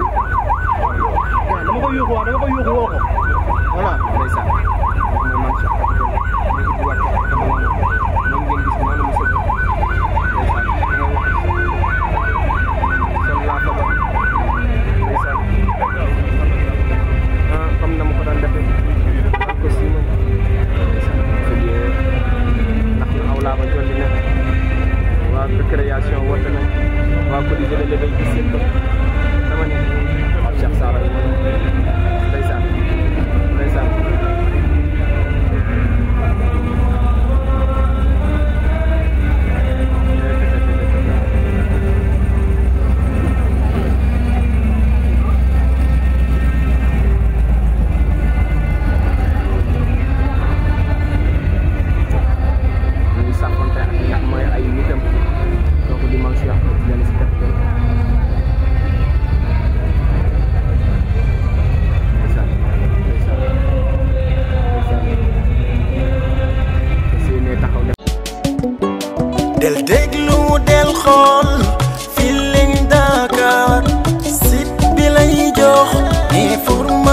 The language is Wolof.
on.